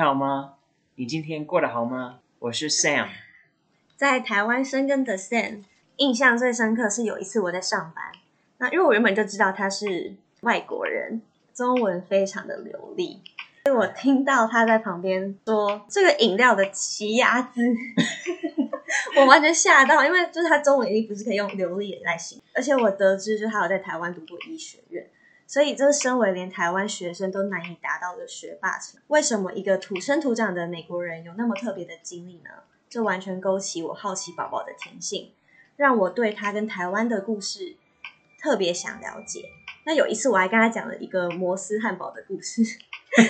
你好嗎？你今天過得好嗎？我是 Sam，在台灣生根的 Sam，印象最深刻是有一次我在上班，那因為我原本就知道他是外國人，中文非常的流利，所以我聽到他在旁邊說這個飲料的奇亞籽， 我完全嚇到，因為就是他中文一定不是可以用流利的來形容，而且我得知就他有在台灣讀過醫學院。所以，這身為連台灣學生都難以達到的學霸層。為什麼一個土生土長的美國人有那麼特別的經歷呢？這完全勾起我好奇寶寶的天性，讓我對他跟台灣的故事特別想了解。那有一次，我還跟他講了一個摩斯漢堡的故事，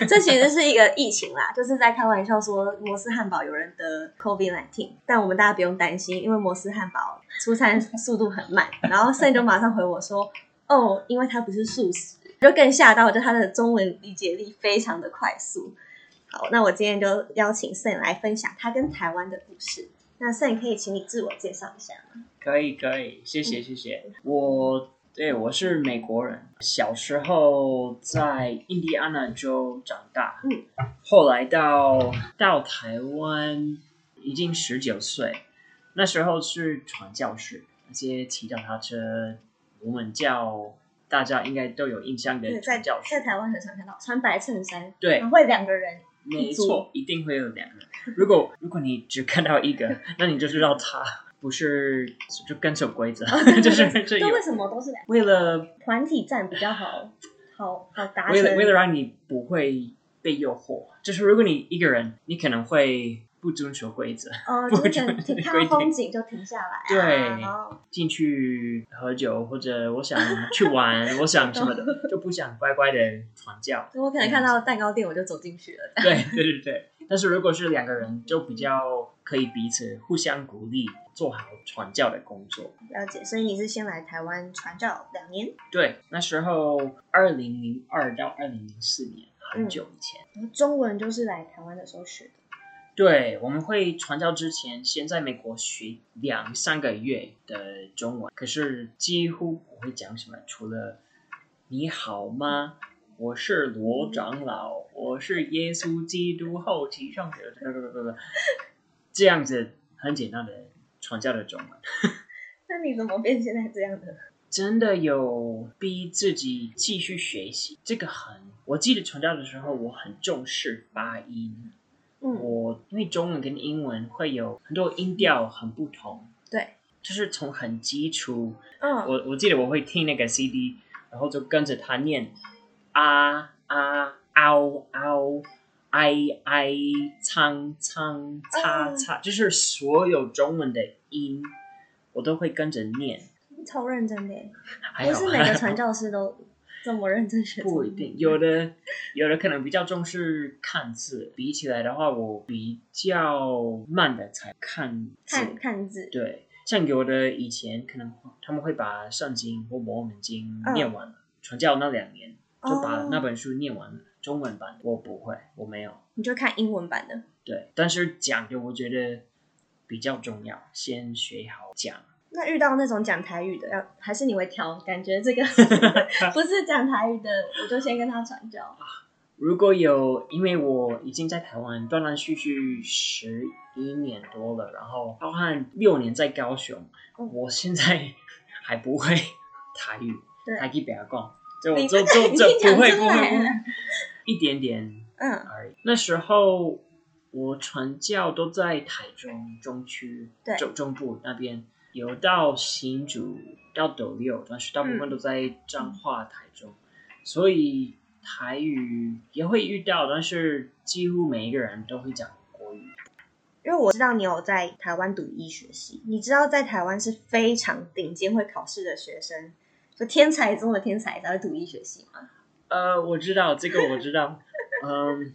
這其實是一個疫情啦，就是在開玩笑說摩斯漢堡有人得 COVID-19，但我們大家不用擔心，因為摩斯漢堡出餐速度很慢。然後 SAM 就馬上回我說：“哦，因為它不是素食。”就更嚇到，就他的中文理解力非常的快速。好，那我今天就邀請 SAM 來分享他跟台灣的故事。那 SAM 可以請你自我介紹一下嗎？可以，可以，謝謝，謝謝。嗯、我對我是美國人，小時候在印第安納州長大，嗯，後來到到台灣，已經十九歲，那時候是傳教士，那些騎腳踏車，我們叫。大家應該都有印象的，在，在台灣很常看到穿白襯衫，對，會兩個人，沒錯，一定會有兩個。如果如果你只看到一個， 那你就知道他不是就跟守規則， 就是這、 就是、為什麼都是兩為了團體戰比較好，好好達成為了，為了讓你不會被誘惑，就是如果你一個人，你可能會。不遵守規則，oh, 不遵守，看、就、到、是、風景就停下來、啊。對，進、oh. 去喝酒或者我想去玩， 我想什麼的 就不想乖乖的傳教。Oh. 我可能看到蛋糕店我就走進去了 對。對對對對，但是如果是兩個人，就比較可以彼此互相鼓勵，做好傳教的工作。了解，所以你是先來台灣傳教兩年？對，那時候二零零二到二零零四年，很久以前。然、嗯、後中文就是來台灣的時候學的。對，我們會傳教之前，先在美國學兩三個月的中文，可是幾乎不會講什麼，除了你好嗎、我是羅長老、我是耶穌基督後期聖徒不不不不，這樣子很簡單的傳教的中文。 那你怎麼變現在這樣的？真的有逼自己繼續學習，這個很，我記得傳教的時候我很重視發音。嗯、我因為中文跟英文會有很多音調很不同，對，就是從很基礎，嗯，我我記得我會聽那個 CD，然後就跟着他念啊啊嗷嗷，啊，哎倉倉擦擦，就是所有中文的音，我都會跟着念，超認真的，哎，不是每個傳教士都。 這麼認真學？不一定，有的有的可能比較重視看字。 比起來的話，我比較慢的才看字，看，看字。對，像有的以前可能他們會把《聖經》或《摩門經》念完了，oh. 傳教那兩年就把那本書念完了，oh. 中文版我不會，我沒有。你就看英文版的。對，但是講的我覺得比較重要，先學好講。那遇到那種講台語的，要還是你會挑，感覺這個不是講台語的， 我就先跟他傳教。如果有，因為我已經在台灣斷斷續續十一年多了，然後包含六年在高雄，嗯，我現在還不會台語，還給不要講，就就就就，就來不會不會，一點點嗯而已嗯。那時候我傳教都在台中中區，中中部那邊。有到新竹，到斗六，但是大部分都在彰化台中，嗯，所以台語也會遇到，但是幾乎每一個人都會講國語。因為我知道你有在台灣讀醫學系，你知道在台灣是非常頂尖會考試的學生，就天才中的天才才會讀醫學系嗎？呃，我知道這個，我知道。 嗯，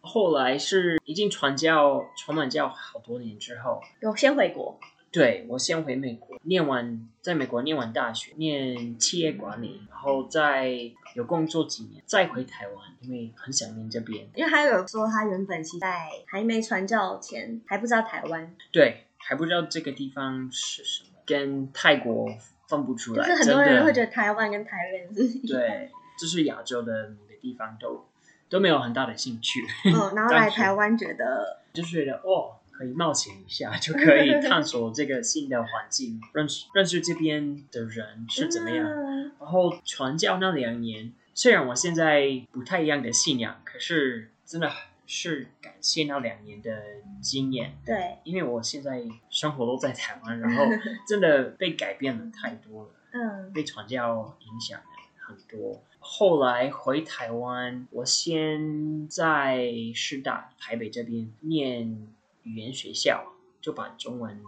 後來是已經傳教、傳滿教好多年之後，有先回國。對，我先回美國念完，在美國念完大學，念企業管理，然後再有工作幾年，再回台灣，因為很想念這邊。因為他有說他原本其實在還沒傳教前還不知道台灣，對，還不知道這個地方是什麼，跟泰國分不出來。就是很多人會覺得台灣跟台灣是，對，就是亞洲的每個地方都都沒有很大的興趣。哦，然後來台灣覺得，是就是覺得哦。可以冒險一下，就可以探索這個新的環境， 認識認識這邊的人是怎麼樣，嗯。然後傳教那兩年，雖然我現在不太一樣的信仰，可是真的是感謝那兩年的經驗的。對，因為我現在生活都在台灣，然後真的被改變了太多了。嗯， 被傳教影響了很多。後來回台灣，我先在師大台北這邊念。語言學校就把中文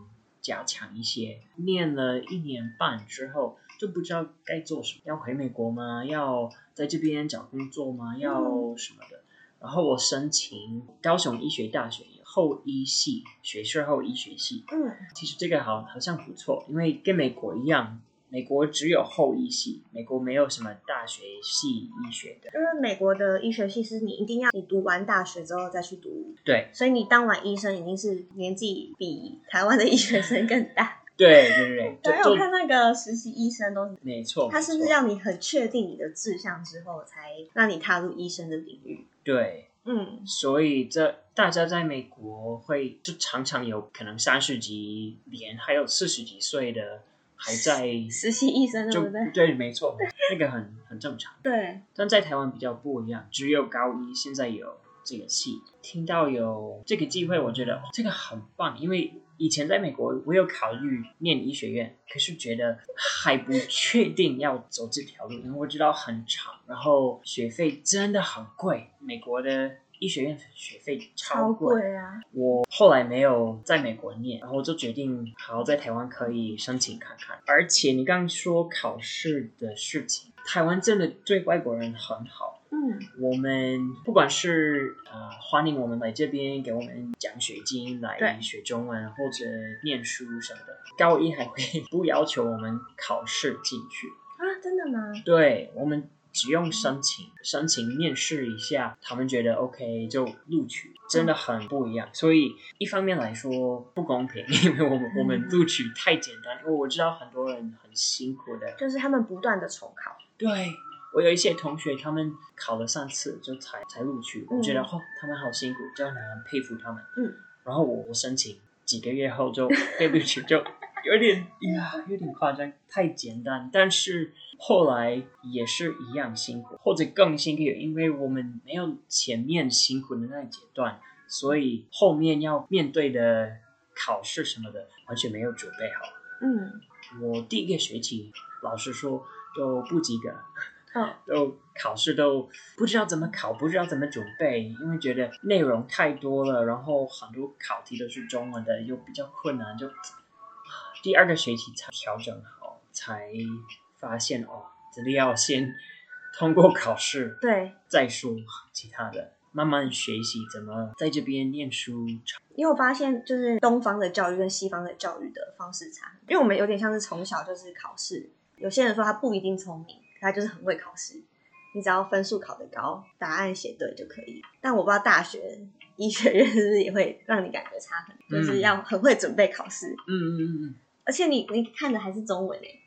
加強一些，念了一年半之後就不知道該做什麼，要回美國嗎？要在這邊找工作嗎？要什麼的？然後我申請高雄醫學大學後醫系，學士後醫學系。嗯，其實這個好好像不錯，因為跟美國一樣。美國只有後醫系，美國沒有什麼大學系醫學的，因為美國的醫學系是你一定要你讀完大學之後再去讀，對，所以你當完醫生已經是年紀比台灣的醫學生更大，對 對對，還 我看那個實習醫生都是，沒錯，他是不是讓你很確定你的志向之後才讓你踏入醫生的領域？對，嗯，所以這大家在美國會就常常有可能三十幾年還有四十幾歲的。還在實習醫生對對，沒錯，那個很很正常。對，但在台灣比較不一樣，只有高一現在有這個系。聽到有這個機會，我覺得這個很棒，因為以前在美國，我有考慮念醫學院，可是覺得還不確定要走這條路，因為我知道很長，然後學費真的很貴，美國的。醫學院學費超貴，超貴啊！我後來沒有在美國念，然後就決定，好在台灣可以申請看看。而且你剛說考試的事情，台灣真的對外國人很好。嗯，我們不管是呃歡迎我們來這邊，給我們獎學金來學中文或者念書什麼的，高一還會不要求我們考試進去啊？真的嗎？對我們，只用申請，申請面試一下，他們覺得 OK 就錄取，真的很不一樣。所以一方面來說不公平，因為我們、嗯、我們錄取太簡單，因為我知道很多人很辛苦的，就是他們不斷的重考。對，我有一些同學，他們考了三次就才才錄取，我覺得、嗯、哦，他們好辛苦，就很佩服他們。嗯，然後我我申請幾個月後就 被錄取就。有點呀，有點誇張，太簡單。但是後來也是一樣辛苦，或者更辛苦，因為我們沒有前面辛苦的那一階段，所以後面要面對的考試什麼的，完全沒有準備好。嗯，我第一個學期老師說都不及格，都考試都不知道怎麼考，不知道怎麼準備，因為覺得內容太多了，然後很多考題都是中文的，又比較困難，就。第二個學期才調整好，才發現哦，真的要先通過考試，對，再說其他的，慢慢學習怎麼在這邊念書。因為我發現，就是東方的教育跟西方的教育的方式差？因為我們有點像是從小就是考試。有些人說他不一定聰明，他就是很會考試。你只要分數考得高，答案寫對就可以。但我不知道大學醫學院是不是也會讓你感覺差很多，就是要很會準備考試。嗯嗯嗯嗯。嗯嗯而且你你看的還是中文耶！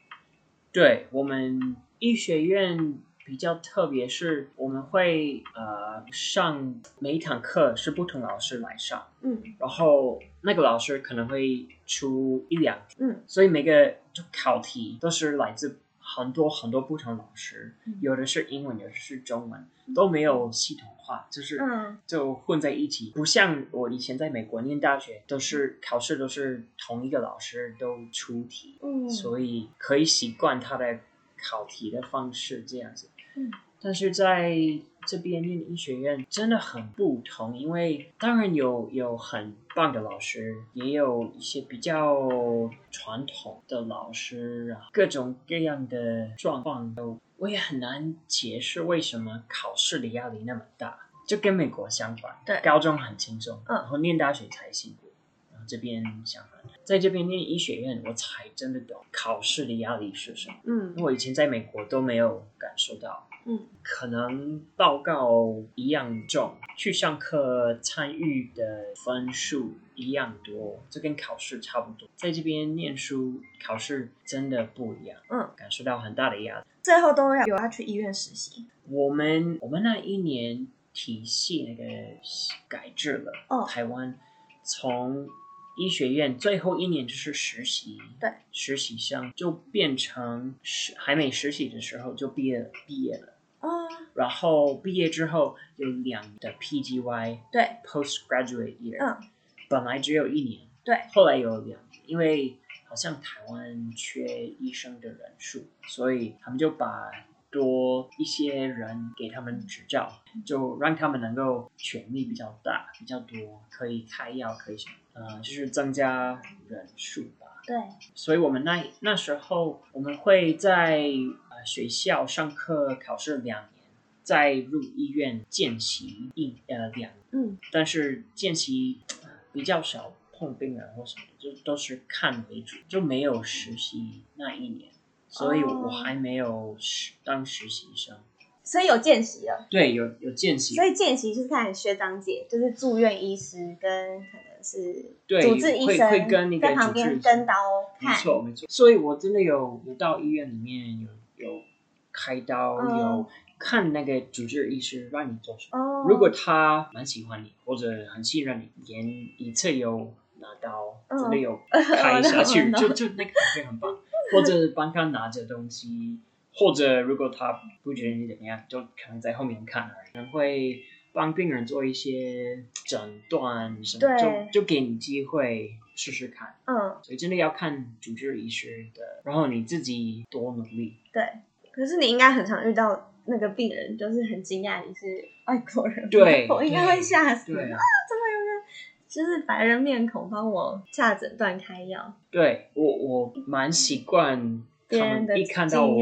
對我們醫學院比較特別，是我們會呃上每一堂課是不同老師來上，嗯，然後那個老師可能會出一兩題，嗯，所以每個就考題都是來自。很多很多不同老師，有的是英文，有的是中文，都沒有系統化，就是就混在一起，不像我以前在美國念大學，都是考試都是同一個老師都出題，嗯，所以可以習慣他的考題的方式這樣子，但是在。這邊念醫學院真的很不同，因為當然有有很棒的老師，也有一些比較傳統的老師啊，各種各樣的狀況都，我也很難解釋為什麼考試的壓力那麼大，就跟美國相反，對，高中很輕鬆，嗯，然後念大學才辛苦，然後這邊相反，在這邊念醫學院，我才真的懂考試的壓力是什麼，嗯，我以前在美國都沒有感受到。嗯，可能報告一樣重，去上課參與的分數一樣多，就跟考試差不多。在這邊念書考試真的不一樣，嗯，感受到很大的壓力。最後都要有要去醫院實習。我們我們那一年體系那個改制了，哦，台灣從醫學院最後一年就是實習，對，實習生就變成實還沒實習的時候就畢業了畢業了。Oh. 然後畢業之後有兩個 PGY，對，Postgraduate Year，嗯、oh.，本來只有一年，對，後來有兩年，因為好像台灣缺醫生的人數，所以他們就把多一些人給他們執照，就讓他們能夠權力比較大，比較多，可以開藥，可以什麼，呃，就是增加人數吧。對，所以我們那那時候我們會在。學校上課考試兩年，再入醫院見習一、呃兩年，嗯，但是見習比較少碰病人或什麼，就都是看為主，就沒有實習那一年，嗯，所以我還沒有當實習生，所以有見習啊，對，有有見習，所以見習就是看學長姐，就是住院醫師跟可能是主治醫生會跟你在旁邊跟刀看，沒錯沒錯，所以我真的有有到醫院裡面有。有開刀，oh. 有看那個主治醫師讓你做什麼。Oh. 如果他蠻喜歡你或者很信任你，眼一次有拿刀，oh. 真的有開下去，oh, not... 就就那個感覺很棒。或者幫他拿着東西， 或者如果他不覺得你怎麼樣，就可能在後面看，可能會幫病人做一些診斷什麼，就就給你機會。試試看，嗯，所以真的要看主治醫師的，然後你自己多努力。對，可是你應該很常遇到那個病人，就是很驚訝你是外、哎、國人，對。我應該會嚇死啊！怎麼有人就是白人面孔幫我下診斷開藥？對，我，我蠻習慣他們一看到我，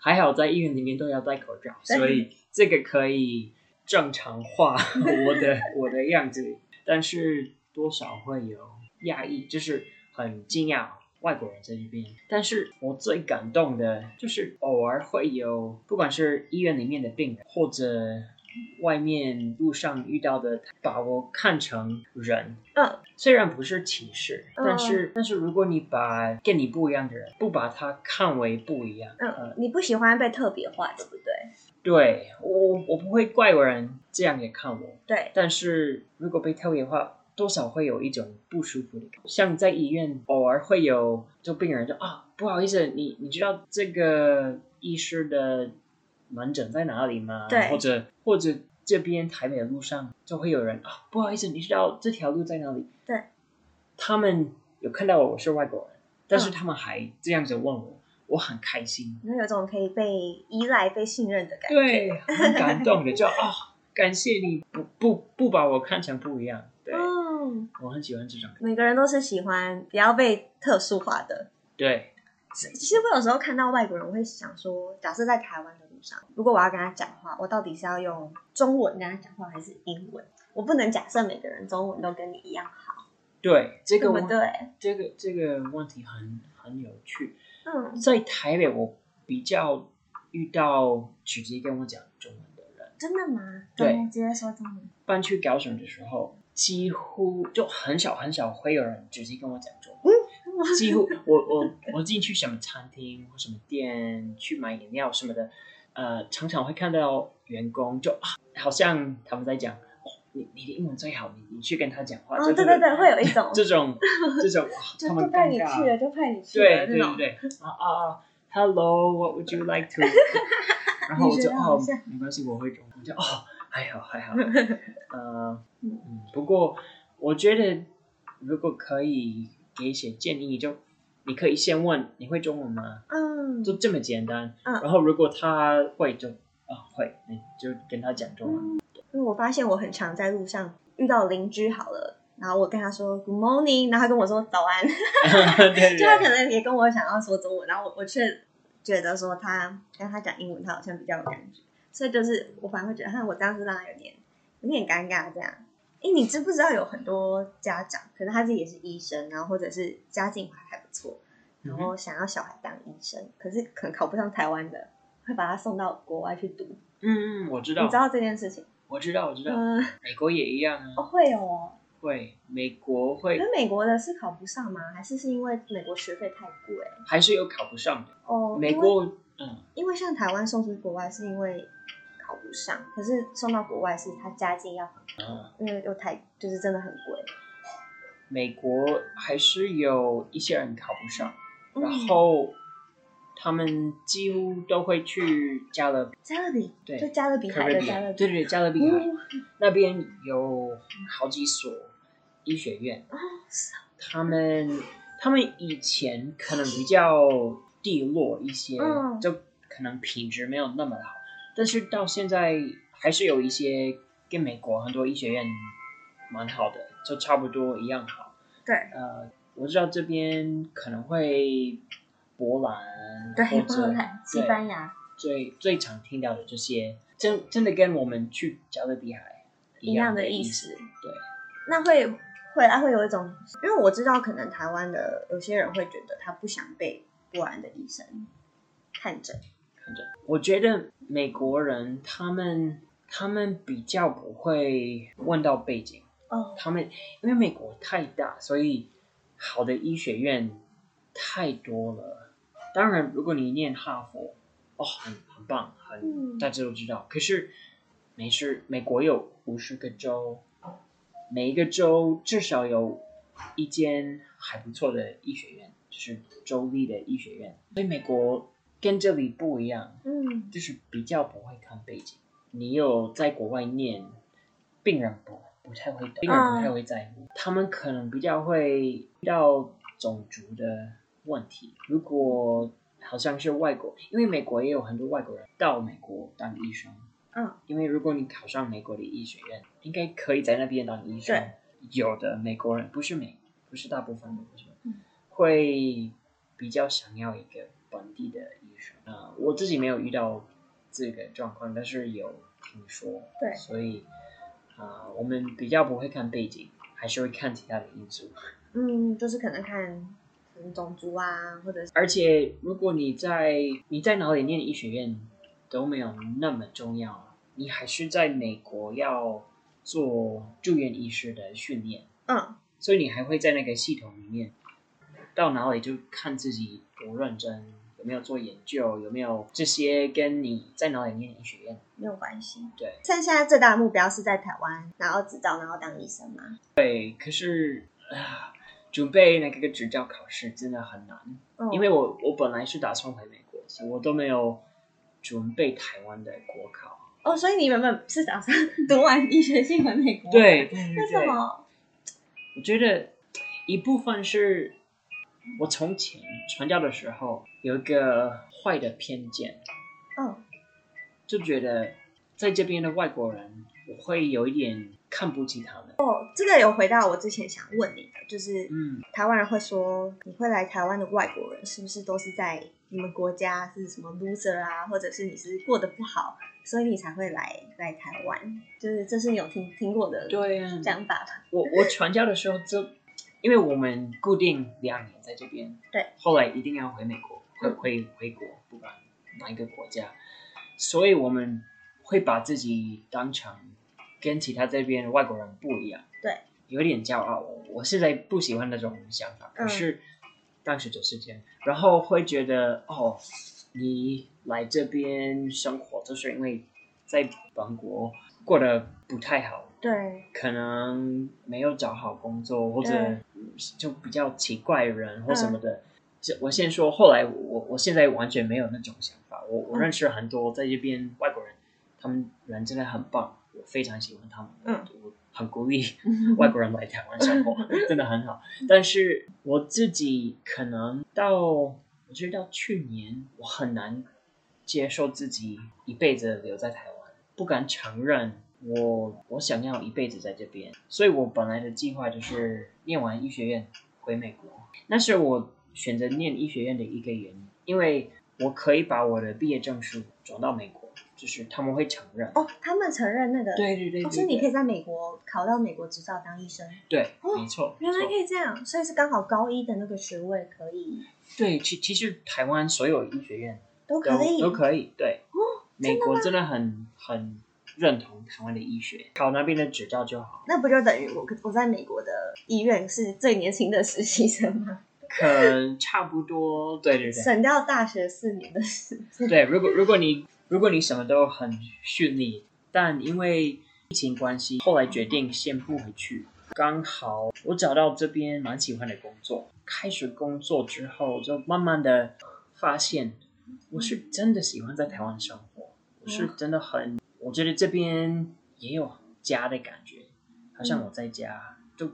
還好在醫院裡面都要戴口罩，所以這個可以正常化我的 我的樣子，但是多少會有。壓抑就是很驚訝外國人在這邊，但是我最感動的就是偶爾會有，不管是醫院裡面的病人或者外面路上遇到的，把我看成人。嗯，雖然不是歧視，但是、嗯、但是如果你把跟你不一樣的人不把他看為不一樣，呃、嗯、你不喜歡被特別化，對不對？對，我我不會怪有人這樣也看我。對，但是如果被特別化，多少會有一種不舒服的感覺，像在醫院，偶爾會有就病人就啊，不好意思，你你知道這個醫師的門診在哪裡嗎？對，或者或者這邊台北的路上就會有人啊，不好意思，你知道這條路在哪裡？對，他們有看到我是外國人，但是他們還這樣子問我，我很開心，因為有種可以被依賴、被信任的感覺，對，很感動的，就啊，感謝你不不不把我看成不一樣。嗯，我很喜歡這種。每個人都是喜歡，不要被特殊化的。對，其實我有時候看到外國人，我會想說，假設在台灣的路上，如果我要跟他講話，我到底是要用中文跟他講話，還是英文？我不能假設每個人中文都跟你一樣好。對，這個這對我，這個這個問題很很有趣。嗯，在台北，我比較遇到直接跟我講中文的人。真的嗎？對，直接說中文。搬去高雄的時候。幾乎就很少很少會有人直接跟我講中文。嗯，幾乎我我我進去什麼餐廳或什麼店去買飲料什麼的，呃，常常會看到員工就、啊、好像他們在講，哦、你你的英文最好，你你去跟他講話、哦，對對對，會有一種這種這種，這種啊、他們就都派你去了，都派你去了，對、嗯、對，對對，啊、uh, 啊、uh, 啊，Hello，what would you like to？ 然後我就你哦，沒關係，我會這我就哦。啊還好還好，還好 呃、嗯，不過我覺得如果可以給一些建議，就你可以先問，你會中文嗎？嗯，就這麼簡單。嗯，然後如果他會就，就、哦、啊會，你、嗯、就跟他講中文。因、嗯、為我發現我很常在路上遇到鄰居，好了，然後我跟他說 Good morning，然後他跟我說早安， 對，就他可能也跟我想要說中文，然後我我卻覺得說他跟他講英文，他好像比較有感覺。嗯所以就是，我反而會覺得，哈，我這樣子讓他有點有點尷尬，這樣。哎，你知不知道有很多家長，可能他自己也是醫生，然後或者是家境還，還不錯，然後想要小孩當醫生，可是可能考不上台灣的，會把他送到國外去讀。嗯嗯，我知道。你知道這件事情？我知道，我知道。嗯。美國也一樣啊。哦會哦。會，美國會。那美國的是考不上嗎？還是是因為美國學費太貴？還是有考不上的？哦。美國。嗯、因為像台灣送出去國外是因為考不上，可是送到國外是他家境要，很、嗯、高。因為有台就是真的很貴。美國還是有一些人考不上，然後他們幾乎都會去加勒比加勒比，對，就加勒比海的加勒比，加勒比對對加勒比海、嗯、那邊有好幾所醫學院。嗯、他們他們以前可能比較。地落一些，就可能品質沒有那麼好，嗯，但是到現在還是有一些跟美國很多醫學院蠻好的，就差不多一樣好。對，呃，我知道這邊可能會波蘭。對，波蘭，西班牙最最常聽到的這些，真真的跟我們去加勒比海一,一樣的意思。對，那會會，來、啊、會有一種，因為我知道可能台灣的有些人會覺得他不想被。不完的醫生，看診，看診，我覺得美國人他們他們比較不會問到背景，哦、oh.，他們因為美國太大，所以好的醫學院太多了。當然，如果你念哈佛，哦，很很棒，很、mm. 大家都知道。可是沒事，美國有五十個州，每一個州至少有一間還不錯的醫學院。就是州立的醫學院，所以美國跟這裡不一樣，嗯，就是比較不會看背景。你有在國外念，病人不不太會懂，嗯，病人不太會在乎。他們可能比較會遇到種族的問題。如果好像是外國，因為美國也有很多外國人到美國當醫生，嗯，因為如果你考上美國的醫學院，應該可以在那邊當醫生。有的美國人不是美，不是大部分美國人。會比較想要一個本地的醫生啊、呃，我自己沒有遇到這個狀況，但是有聽說，對，所以啊、呃，我們比較不會看背景，還是會看其他的因素。嗯，就是可能看種族啊，或者是。而且，如果你在你在哪裡念醫學院都沒有那麼重要，你還是在美國要做住院醫師的訓練。嗯，所以你還會在那個系統裡面。到哪裡就看自己多認真，有沒有做研究，有沒有這些，跟你在哪裡念醫學院沒有關係。對，趁現在最大的目標是在台灣然後拿執照，然後當醫生嘛。對，可是、啊、準備那個個執照考試真的很難，哦、因為我我本來是打算回美國，所以我都沒有準備台灣的國考。哦，所以你們是打算讀完醫學系回美國？對，為什麼？我覺得一部分是。我從前傳教的時候，有一個壞的偏見，嗯、哦，就覺得在這邊的外國人，我會有一點看不起他們。哦，這個有回到我之前想問你的，就是，嗯，台灣人會說，你會來台灣的外國人是不是都是在你們國家，就是什麼 loser 啊，或者是你是過得不好，所以你才會來來台灣？就是這是你有聽聽過的對呀，啊、講法的。我我傳教的時候就。 因為我們固定兩年在這邊，對，後來一定要回美國，回回、嗯、回國，不管哪一個國家，所以我們會把自己當成跟其他這邊外國人不一樣，對，有點驕傲、哦。我現在不喜歡那種想法，可是當時就是這樣。然後會覺得哦，你來這邊生活，就是因為在本國過得不太好。對，可能沒有找好工作，或者就比較奇怪的人或什麼的、嗯。我先說，後來我我現在完全沒有那種想法。我我認識了很多在這邊外國人，他們人真的很棒，我非常喜歡他們。嗯，我，我很鼓勵外國人來台灣生活，嗯、 真的很好。但是我自己可能到，我知道去年，我很難接受自己一輩子留在台灣，不敢承認。我我想要一輩子在這邊，所以我本來的計劃就是念完醫學院回美國。那是我選擇念醫學院的一個原因，因為我可以把我的畢業證書轉到美國，就是他們會承認。哦，他們承認那個。對對對，對，對，對、哦，所以你可以在美國考到美國執照當醫生。對，哦、沒錯，原來可以這樣，所以是剛好高一的那個學位可以。對，其其實台灣所有醫學院都，都可以都可以，對，哦，美國真的很很。認同台灣的醫學，考那邊的執照就好。那不就等於我我在美國的醫院是最年輕的實習生嗎？可能差不多， 對對對。省掉大學四年的時間。對，如果如果你如果你什麼都很順利，但因為疫情關係，後來決定先不回去。剛好我找到這邊蠻喜歡的工作，開始工作之後，就慢慢的發現，我是真的喜歡在台灣生活，嗯、我是真的很。我覺得這邊也有家的感覺，好像我在家。嗯、就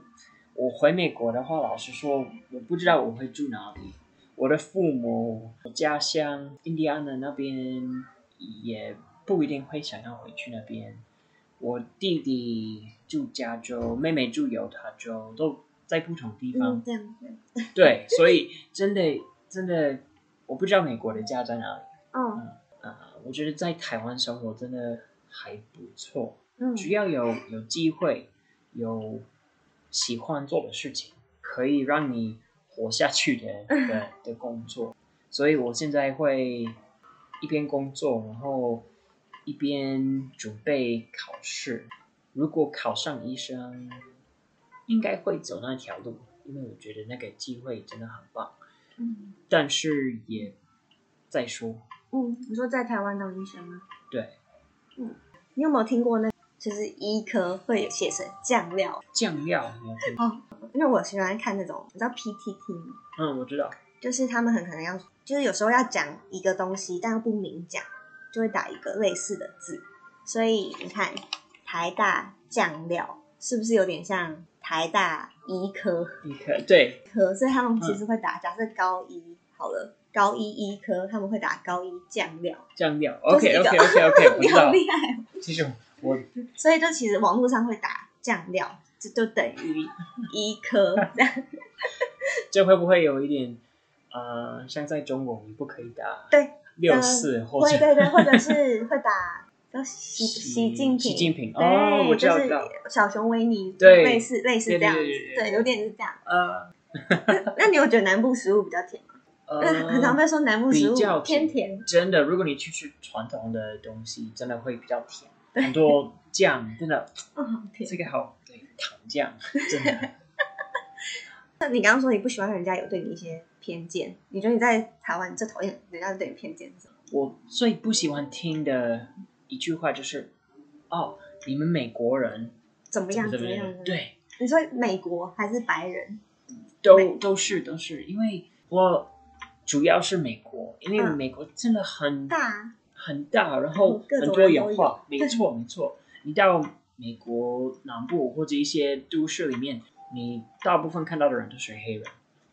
我回美國的話，老實說，我不知道我會住哪裡。我的父母、家鄉、印第安那那邊，也不一定會想要回去那邊。我弟弟住加州，妹妹住猶他州，都在不同地方。嗯、 對，所以真的真的，我不知道美國的家在哪裡。哦、嗯啊、呃，我覺得在台灣生活真的還不錯，嗯，只要有有機會，有喜歡做的事情，可以讓你活下去的的、嗯、的工作，所以我現在會一邊工作，然後一邊準備考試。如果考上醫生，應該會走那條路，因為我覺得那個機會真的很棒。嗯，但是也再說，嗯，你說在台灣當醫生嗎？對。嗯，你有沒有聽過呢？就是醫科會寫成醬料，醬料哦。因為我喜歡看那種，你知道 PTT 嗎？嗯，我知道。就是他們很可能要，就是有時候要講一個東西，但又不明講，就會打一個類似的字。所以你看台大醬料是不是有點像台大醫科？醫科對，科。所以他們其實會打假。假設高醫好了。高一醫科他們會打高一醬料，醬料，就是這個。OK OK OK， 你好厲害、哦！繼續我。所以就其實網絡上會打醬料，這就，就等於醫科。這樣。這 會不會有一點呃，像在中國你不可以打？對，六、呃、四，或者。對對，或者是會打習習近平，習近平。哦，我就是小熊維尼，對，類似類似這樣子，對，對，對，對，有點是這樣。嗯、呃，那你有，有覺得南部食物比較甜？很常被說南部食物偏甜，真的。如果你去吃傳統的東西，真的會比較甜，很多醬，真的。 哦、這個好對糖醬，真的。那 你剛剛說你不喜歡人家有對你一些偏見，你覺得你在台灣最討厭人,人家對你偏見是什麼？我最不喜歡聽的一句話就是：“哦，你們美國人怎麼樣？怎麼,怎麼樣？”對，你說美國還是白人？都都是都是，因為我。主要是美國，因為美國真的很、嗯、很大、嗯、很大，然後很多元化。沒錯沒錯，你到美國南部或者一些都市裡面，你大部分看到的人都是黑人，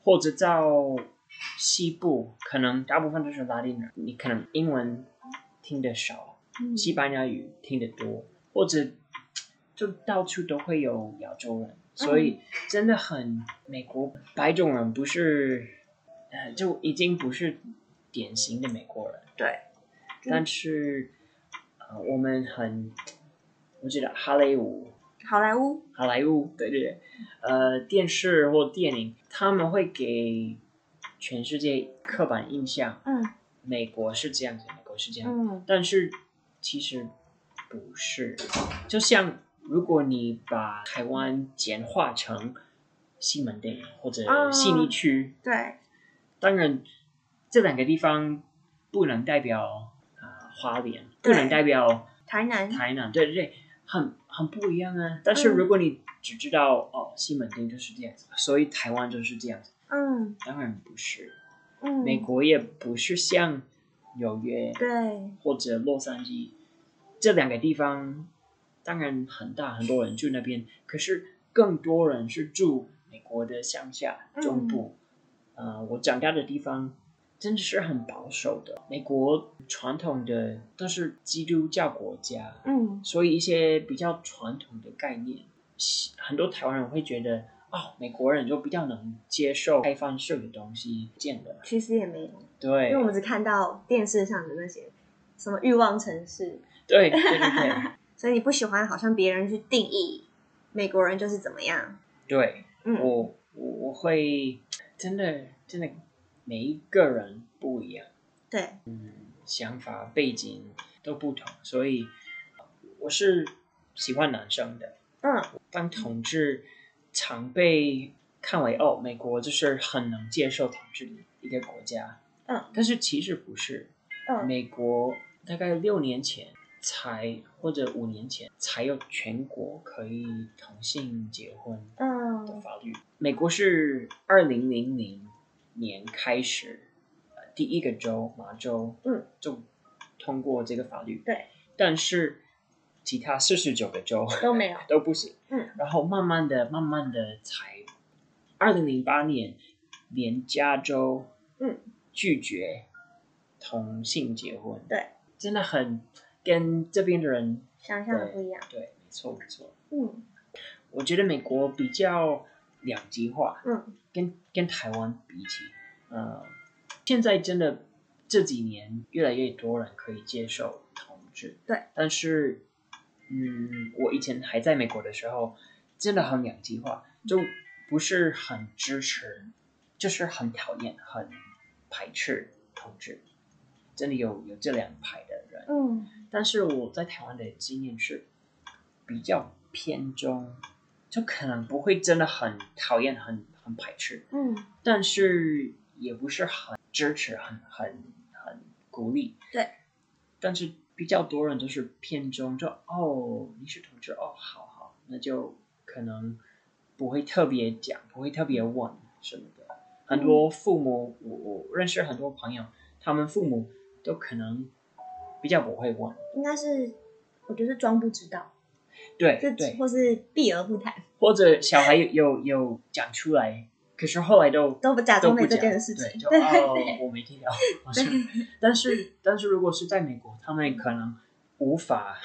或者到西部可能大部分都是拉丁人，你可能英文聽得少、嗯，西班牙語聽得多，或者就到處都會有亞洲人，所以真的很美國、嗯、白種人不是，就已經不是典型的美國人，對。但是，呃，我們很，我覺得好萊塢，好萊塢，好萊塢，對對對。呃，電視或電影，他們會給全世界刻板印象。嗯。美國是這樣子，美國是這樣，嗯，但是其實不是。就像如果你把台灣簡化成西門町或者信義區，嗯，對。當然，這兩個地方不能代表啊，呃、花蓮不能代表台南。台南對，對對，很很不一樣啊。但是如果你只知道、嗯、哦，西門町就是這樣子，所以台灣就是這樣子。嗯，當然不是。嗯，美國也不是像紐約，對，或者洛杉磯這兩個地方，當然很大，很多人住那邊。可是更多人是住美國的鄉下中部。嗯呃，我長大的地方真的是很保守的，美國傳統的都是基督教國家，嗯，所以一些比較傳統的概念，很多台灣人會覺得，哦，美國人就比較能接受開放式的東西。見了，其實也沒有，對，因為我們只看到電視上的那些，什麼欲望城市，對對對，對對， 所以你不喜歡好像別人去定義美國人就是怎麼樣，對，我我會。真的，真的，每一個人不一樣。對，嗯，想法背景都不同，所以我是喜歡男生的。嗯，當同志常被看為哦，美國就是很能接受同志的一個國家。嗯，但是其實不是。嗯，美國大概六年前才，或者五年前才有全國可以同性結婚。嗯。的法律，美國是二零零零年開始，呃，第一個州馬州，嗯，就通過這個法律，對，但是其他四十九個州都沒有，都不行，嗯，然後慢慢的、慢慢的才二零零八年，連加州，嗯，拒絕同性結婚，對，真的很跟這邊的人想象的不一樣，對，對，沒錯，沒錯，嗯。我覺得美國比較兩極化，嗯，跟跟台灣比起，呃，現在真的這幾年越來越多人可以接受同志，對，但是，嗯，我以前還在美國的時候，真的很兩極化，就不是很支持，就是很討厭、很排斥同志，真的有有這兩派的人，嗯，但是我在台灣的經驗是比較偏中。就可能不會真的很討厭、很很排斥，嗯，但是也不是很支持、很很很鼓勵，對。但是比較多人都是偏中，就哦，你是同志哦，好好，那就可能不會特別講，不會特別問什麼的。很多父母，嗯、我我認識很多朋友，他們父母都可能比較不會問，應該是，我覺得裝不知道。對，對，或是避而不談，或者小孩有有有講出來，可是後來都都不講，都假裝沒這件事情，對就 對、哦、我沒聽到。但是但是，但是如果是在美國，他們可能無法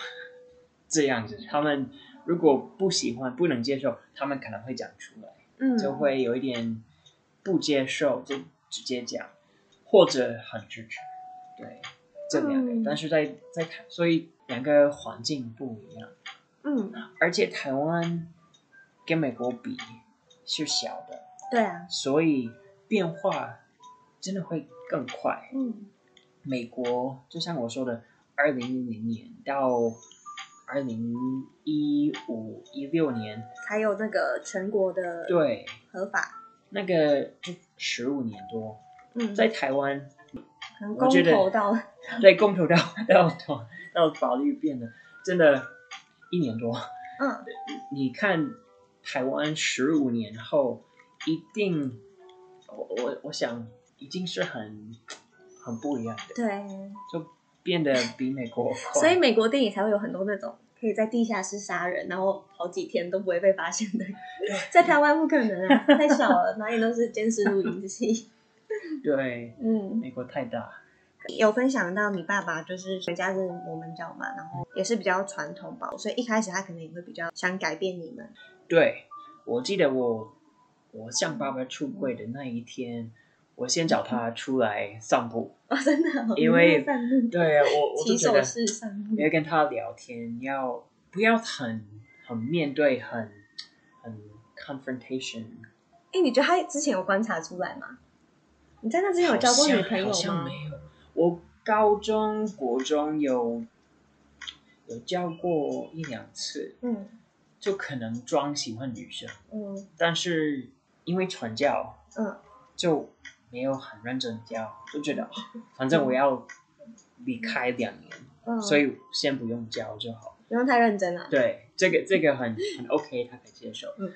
這樣子。他們如果不喜歡、不能接受，他們可能會講出來，嗯，就會有一點不接受，就直接講，或者很支持。對，這兩個、嗯，但是在在，所以兩個環境不一樣。嗯，而且台灣跟美國比是小的，對啊，所以變化真的會更快。嗯，美國就像我說的，二零一零年到二零一五一六年，才有那個全國的對合法對，那個就十五年多，嗯，在台灣，我覺得 對公投到到到法律變了，真的。一年多，嗯，你看台灣十五年後一定，我我我想已經是很很不一樣的，對，就變得比美國好。所以美國電影才會有很多那種可以在地下室殺人，然後好幾天都不會被發現的， 在台灣不可能啊，太小了，哪 裡都是監視錄影機，對，嗯，美國太大。有分享到你爸爸就是人家是我們家嘛，然後也是比較傳統吧，所以一開始他可能也會比較想改變你們。對，我記得我我向爸爸出櫃的那一天，我先找他出來散步。哦，真的，因為散步、嗯。對啊，我我就覺得。沒有跟他聊天，要不要很很面對很很 confrontation？哎，你覺得他之前有觀察出來嗎？你在那之前有交過女朋友嗎？我高中、國中有有交過一兩次，嗯，就可能裝喜歡女生，嗯，但是因為傳教，嗯，就沒有很認真交，就覺得反正我要離開兩年，嗯，所以先不用交就好，不用太認真了。對，這個這個很很 OK，他可以接受。嗯，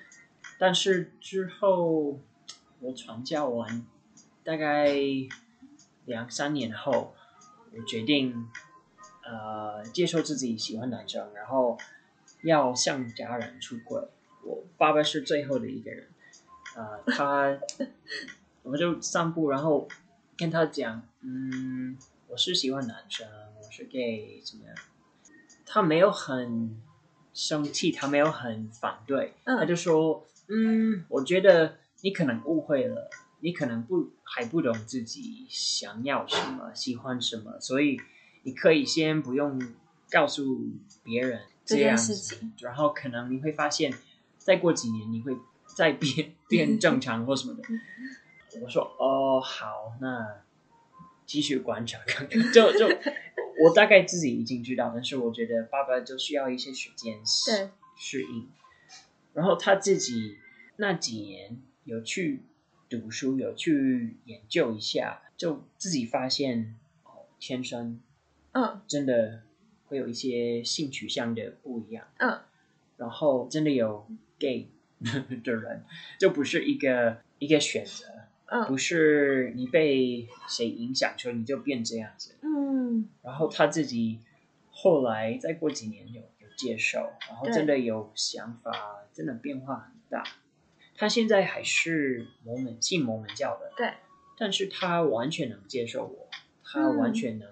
但是之後我傳教完，大概。兩三年後，我決定，呃，接受自己喜歡男生，然後要向家人出櫃。我爸爸是最後的一個人，呃，他我們就散步，然後跟他講，嗯，我是喜歡男生，我是 gay，怎麼樣？他沒有很生氣，他沒有很反對，他就說，嗯，我覺得你可能誤會了。你可能不還不懂自己想要什麼，喜歡什麼，所以你可以先不用告訴別人這樣子這件事情，然後可能你會發現，再過幾年你會再變變正常或什麼的。 我說哦，好，那繼續觀察看看。就就 我大概自己已經知道，但是我覺得爸爸就需要一些時間適適應。然後他自己那幾年有去，讀書有去研究一下，就自己發現，哦，天生，嗯，真的會有一些性取向的不一樣，嗯，然後真的有 gay 的人，就不是一個一個選擇，嗯，不是你被誰影響所以你就變這樣子，嗯，然後他自己後來再過幾年有有接受，然後真的有想法，真的變化很大。他現在還是摩門信摩門教的，對，但是他完全能接受我，他完全能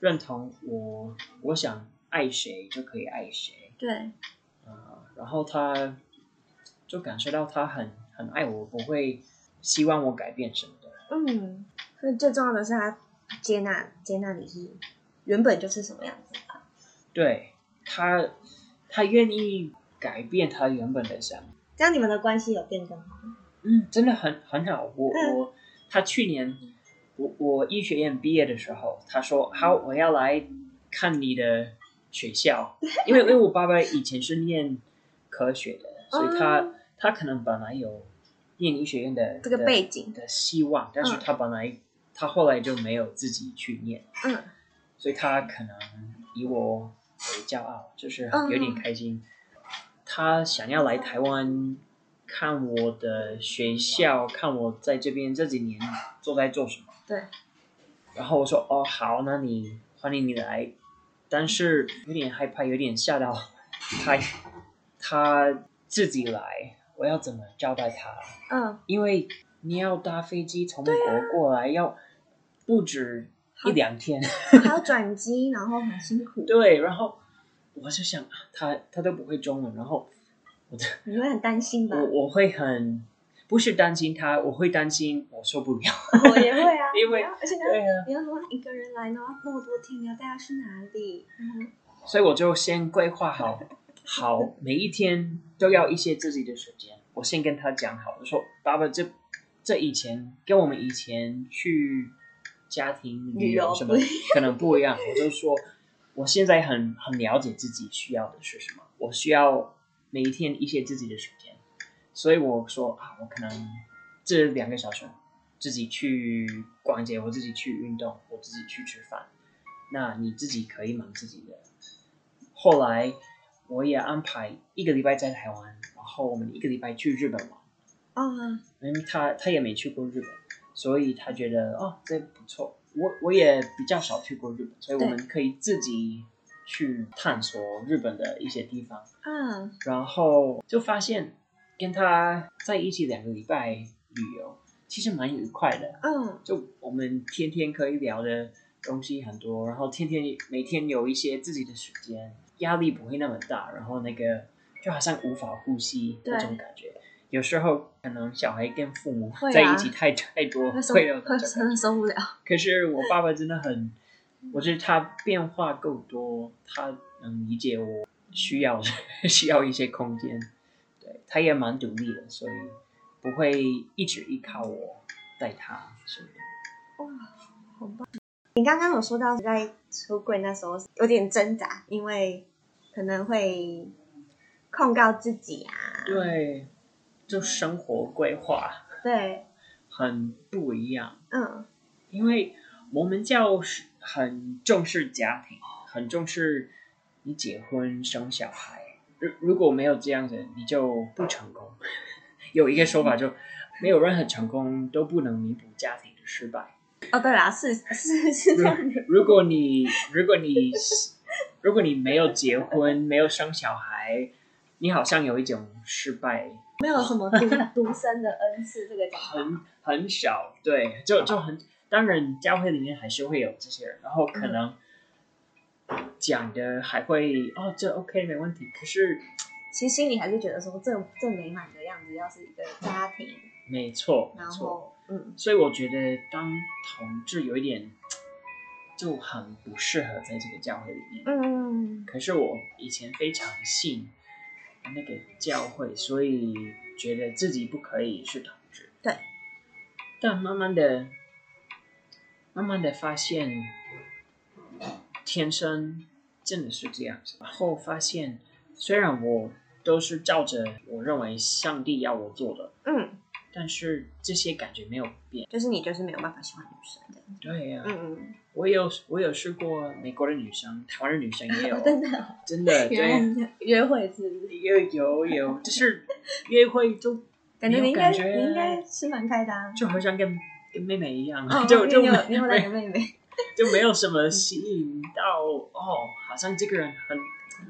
認同我，嗯、我想愛誰就可以愛誰，對，呃、然後他就感受到他很很愛我，不會希望我改變什麼的，嗯，所以最重要的是他接納接納你是原本就是什麼樣子的，對，他他願意改變他原本的想法。那你們的關係有變更好？嗯，真的很很好。我我、嗯、他去年我我醫學院畢業的時候，他說好、嗯，我要來看你的學校，嗯、因為因為我爸爸以前是念科學的， 所以他、嗯、他可能本來有念醫學院的這個背景的，的希望，但是他本來、嗯、他後來就沒有自己去念，嗯，所以他可能以我為驕傲，就是有點開心。嗯他想要來台灣看我的學校，看我在這邊這幾年都在做什麼。對。然後我說：“哦，好，那你歡迎你來。”但是有點害怕，有點嚇到他。他自己來，我要怎麼招待他？嗯。因為你要搭飛機從美國過來，啊、要不止一兩天，還要轉機， 然後很辛苦。對，然後。我就想，啊、他他都不會中文，然後我就，你會很擔心吧？我我會很不是擔心他，我會擔心我受不了。我、哦、也會啊， 因為、啊、而且他、啊啊、你要說一個人來呢，那麼多天你要帶他去哪裡？所以我就先規劃好， 好每一天都要一些自己的時間。我先跟他講好，我說爸爸，這這以前跟我們以前去家庭旅遊什麼可能不一樣， 我就說。我現在很很了解自己需要的是什麼，我需要每一天一些自己的時間，所以我說啊，我可能這兩個小時自己去逛街，我自己去運動，我自己去吃飯。那你自己可以忙自己的。後來我也安排一個禮拜在台灣，然後我們一個禮拜去日本玩。啊、oh.。嗯，因為他他也沒去過日本，所以他覺得哦，這不錯。我我也比較少去過日本，所以我們可以自己去探索日本的一些地方。嗯，然後就發現跟他在一起兩個禮拜旅遊，其實蠻愉快的。嗯，就我們天天可以聊的東西很多，然後天天每天有一些自己的時間，壓力不會那麼大，然後那個就好像無法呼吸的那種感覺。有時候可能小孩跟父母在一起太、啊、太，太多，會了，真的受不了。可是我爸爸真的很，我覺得他變化夠多，他能理解我需要需要一些空間，對，他也蠻獨立的，所以不會一直依靠我帶他什麼的。哇，好棒！你剛剛有說到在出櫃那時候有點掙扎，因為可能會控告自己啊。對。就生活規劃，對，很不一樣。嗯，因為摩門教是很重視家庭，很重視你結婚生小孩。如如果沒有這樣子，你就不成功。有一個說法就，嗯、沒有任何成功都不能彌補家庭的失敗。哦，對啦、啊，是是是這樣的。如果你如果你如果你沒有結婚， 沒有生小孩，你好像有一種失敗。沒有什麼獨獨生的恩賜，這個講 很很少，對，就就很當然，教會裡面還是會有這些人，然後可能講的還會，哦，這 OK 沒問題。可是，其實心裡還是覺得說，這這美滿的樣子要是一個家庭，沒錯，沒錯。嗯，所以我覺得當同志有一點就很不適合在這個教會裡面。嗯，可是我以前非常信。那個教會，所以覺得自己不可以是同志。對。但慢慢的，慢慢的發現，天生真的是這樣子。然後發現，雖然我都是照着我認為上帝要我做的。嗯。但是這些感覺沒有變，就是你就是沒有辦法喜歡女生的。對呀、啊，嗯，嗯，我有我有試過美國的女生，台灣的女生也有、啊，真的，真的，約約會是也有有就 是約會就感覺，感覺你應該你應該是蠻開的、啊，就好像跟跟妹妹一樣，哦、就就有沒有那個妹妹，沒 就沒有什麼吸引到、嗯、哦，好像這個人很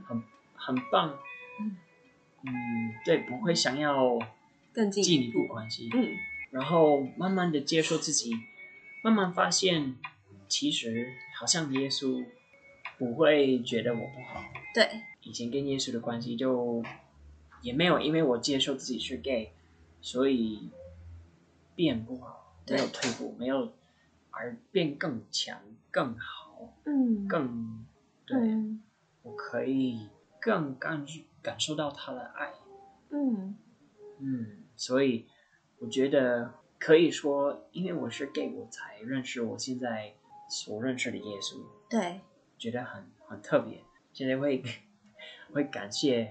很很棒，嗯，嗯，對，不會想要。進一步關係，嗯，然後慢慢的接受自己，慢慢發現，其實好像耶穌不會覺得我不好，對，以前跟耶穌的關係就也沒有，因為我接受自己是 gay，所以變不好，沒有退步，沒有，而變更強更好，嗯，更，對，嗯、我可以更感感受到他的愛，嗯，嗯。所以，我覺得可以說，因為我是 gay，我才認識我現在所認識的耶穌。對，覺得很很特別。現在會會感謝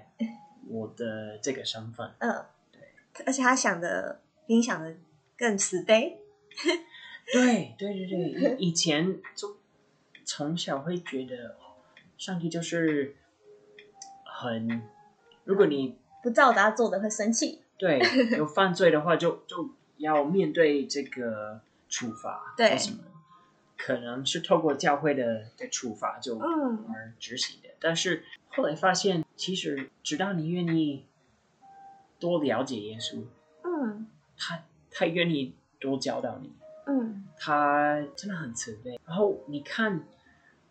我的這個身份。嗯、呃，對。而且他想的比你想的更實在。 對對對對，以前從從小會覺得，上帝就是很，如果你不照他做的會生氣。 對，有犯罪的話就，就就要面對這個處罰，對，什麼可能是透過教會的的處罰就而執行的，嗯。但是後來發現，其實只要你願意多了解耶穌，嗯，他他願意多教導你，嗯，他真的很慈悲。然後你看，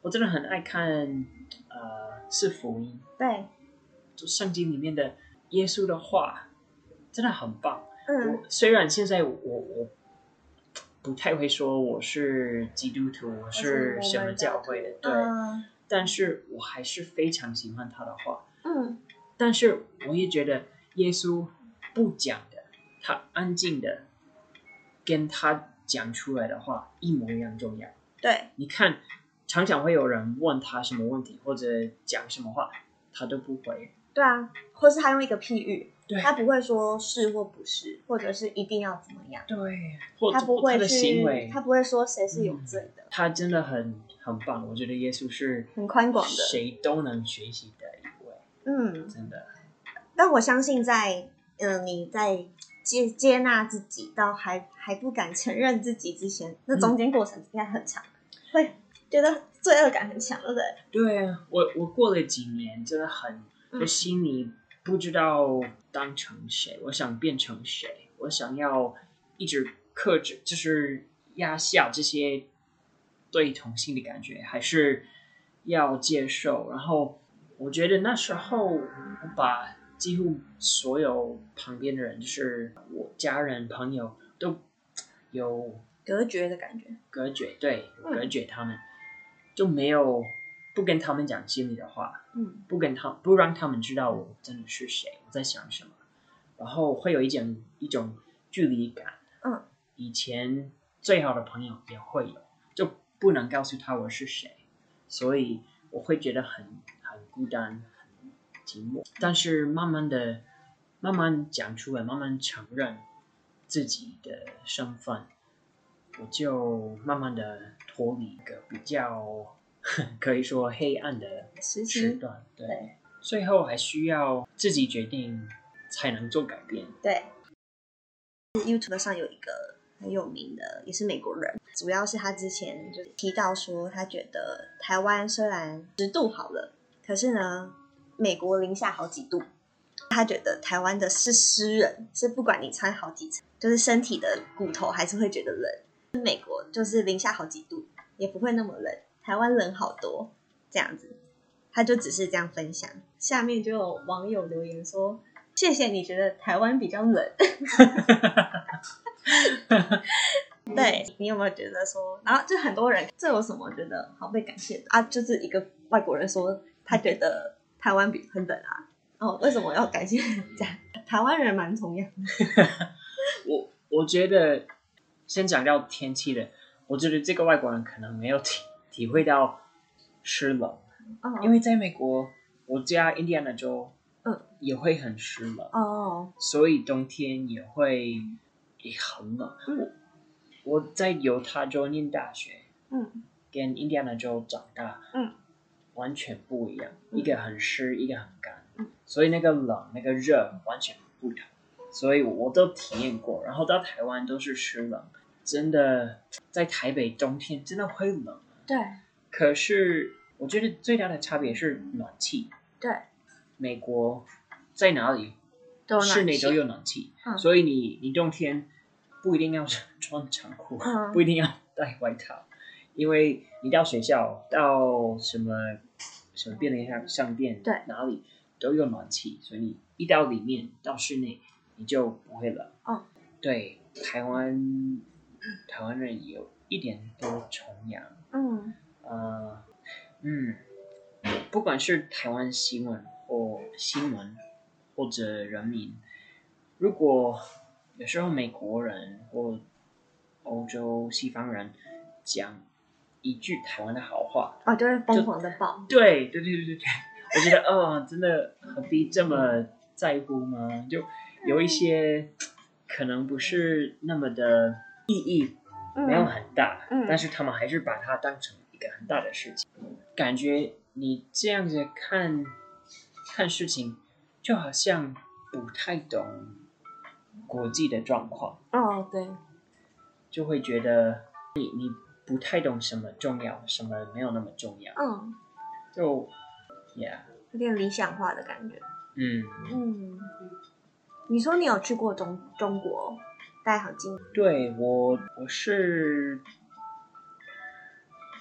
我真的很愛看呃，是福音，對，就聖經裡面的耶穌的話。真的很棒。嗯，雖然現在我我不太會說我是基督徒，我是什麼教會的會對，對，嗯，但是我還是非常喜歡他的話。嗯，但是我也覺得耶穌不講的，他安靜的跟他講出來的話一模一樣重要。對，你看，常常會有人問他什麼問題或者講什麼話，他都不回。對啊，或是他用一個譬喻。對，他不會說是或不是，或者是一定要怎麼樣。對，或他不會他，為他不會說誰是有罪的。嗯、他真的很很棒，我覺得耶穌是很寬廣的，誰都能學習的一位。嗯，真的。但我相信在，在、呃、嗯，你在接接納自己到還還不敢承認自己之前，那中間過程應該很長，會、嗯、覺得罪惡感很強，對不對？對啊，我我過了幾年，真的很，就心裡。不知道當成誰，我想變成誰，我想要一直克制，就是壓下這些對同性的感覺，還是要接受。然後我覺得那時候，我把幾乎所有旁邊的人，就是我家人、朋友，都有隔絕的感覺，隔絕，對，隔絕他們，嗯、就沒有。不跟他們講心裡的話，嗯，不跟他，不讓他們知道我真的是誰，我在想什麼，然後會有一種一種距離感，嗯，以前最好的朋友也會有，就不能告訴他我是誰，所以我會覺得很很孤單、很寂寞。但是慢慢的、慢慢講出來、慢慢承認自己的身份，我就慢慢的脫離一個比較。可以說黑暗的時期，時段，對，對，最後還需要自己決定才能做改變。對，YouTube 上有一個很有名的，也是美國人，主要是他之前就提到說，他覺得台灣雖然十度好了，可是呢，美國零下好幾度，他覺得台灣的是濕冷，是不管你穿好幾層，就是身體的骨頭還是會覺得冷，美國就是零下好幾度也不會那麼冷。台灣人好多，這樣子，他就只是這樣分享。下面就有網友留言說：“謝謝，你覺得台灣比較冷？” 對，你有沒有覺得說，然後就很多人，這有什麼覺得好被感謝啊？就是一個外國人說他覺得台灣比很冷啊，哦，為什麼要感謝人家？台灣人蠻崇洋。我我覺得先講到天氣的，我覺得這個外國人可能沒有聽。體會到濕冷，oh. 因為在美國，我家印第安納州，uh. 也會很濕冷哦，oh. 所以冬天也會也很冷。我、mm. 我在猶他州念大學，mm. 跟印第安納州長大，mm. 完全不一樣，mm. 一個很濕，一個很乾，mm. 所以那個冷那個熱完全不同。所以我都體驗過，然後到台灣都是濕冷，真的在台北冬天真的會冷。對，可是我覺得最大的差別是暖氣。對，美國在哪裡，都室內都有暖氣，嗯、所以你你冬天不一定要穿長褲，嗯、不一定要戴外套，因為你到學校、到什麼什麼便利店、商、嗯、店、哪裡都有暖氣，所以你一到裡面到室內你就不會冷。哦、對，台灣台灣人有一點都崇洋。嗯，呃、uh，嗯，不管是台灣新聞或新聞，或者人民，如果有時候美國人或歐洲西方人講一句台灣的好話，啊、哦，就會、是、瘋狂的爆。對，對，對，對，對，對，我覺得，哦，真的何必這麼在乎嗎？就有一些可能不是那麼的意義。沒有很大，嗯嗯，但是他們還是把它當成一個很大的事情。嗯、感覺你這樣子看，看事情，就好像不太懂國際的狀況。哦，對，就會覺得你你不太懂什麼重要，什麼沒有那麼重要。嗯，就，yeah，有點理想化的感覺。嗯嗯，你說你有去過中中國？大家好。對，我，我是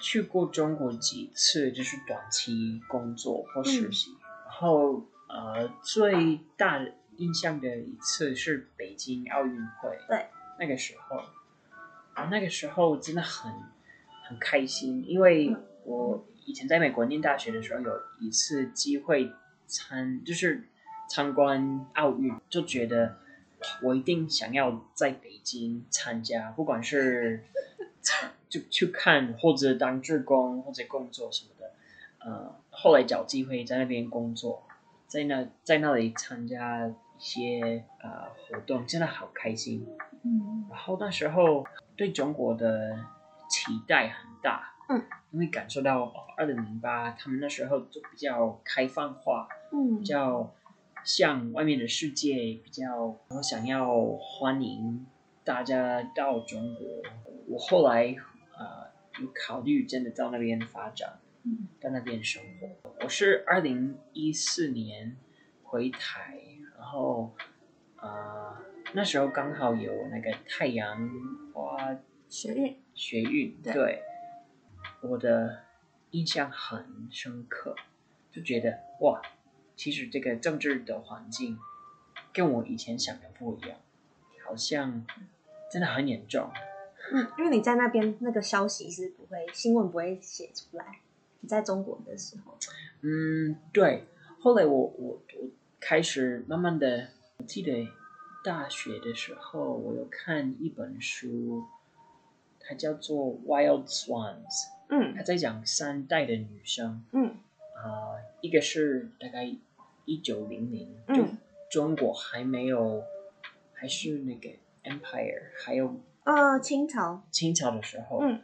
去過中國幾次，就是短期工作或實習，嗯。然後，呃，最大印象的一次是北京奧運會。對，那個時候，啊，那個時候真的很很開心，因為我以前在美國念大學的時候，有一次機會參，就是參觀奧運，就覺得。我一定想要在北京參加，不管是就去看或者當志工或者工作什麼的。呃，後來找機會在那邊工作，在那在那裡參加一些啊、呃、活動，真的好開心。嗯，然後那時候對中國的期待很大。嗯，因為感受到二零零八，哦、2008，他們那時候就比較開放化。嗯，比較。向外面的世界比較，我想要歡迎大家到中國。我後來呃有考慮真的到那邊發展，嗯、到那邊生活。我是二零一四年回台，然後啊、呃、那時候剛好有那個太陽花學運學運對，對我的印象很深刻，就覺得哇。其實這個政治的環境跟我以前想的不一樣，好像真的很嚴重。嗯，因為你在那邊那個消息是不會新聞不會寫出來。你在中國的時候，嗯，對。後來我我我開始慢慢的，我記得大學的時候，我有看一本書，它叫做《Wild Swans》。嗯，他在講三代的女生。嗯，啊、呃，一個是大概。一九零零，就中國還沒有、嗯，還是那個 empire，還有呃、哦、清朝，清朝的時候，嗯，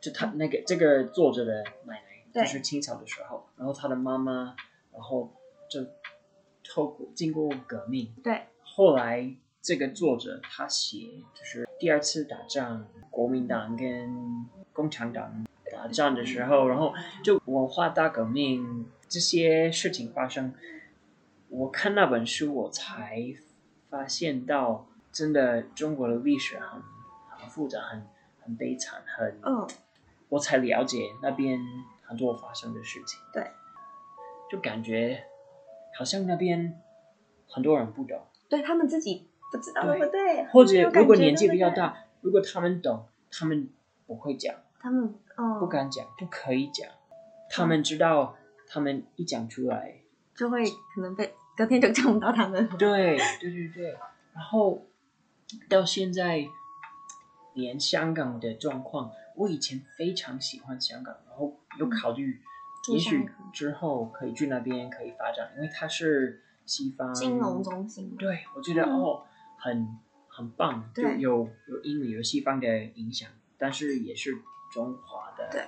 就他那個、嗯、這個作者的奶奶，對，就是清朝的時候，然後他的媽媽，然後就透過，經過革命，對，後來這個作者他寫就是第二次打仗，國民黨跟共產黨打仗的時候，嗯、然後就文化大革命這些事情發生。我看那本書，我才發現到，真的中國的歷史很、很複雜，很、很悲慘，很……嗯、oh.，我才了解那邊很多發生的事情。對，就感覺好像那邊很多人不懂，對他們自己不知道，對不對？或者如果年紀比較大，如果他們懂，他們不會講，他們、oh. 不敢講，不可以講，他們知道，oh. 他們一講出來。就會可能被隔天就見不到他們。對對對對，然後到現在，連香港的狀況，我以前非常喜歡香港，然後有考慮，也許之後可以去那邊可以發展，因為它是西方金融中心。對，我覺得哦，哦，很很棒，對，有有英語有西方的影響，但是也是中華的。對，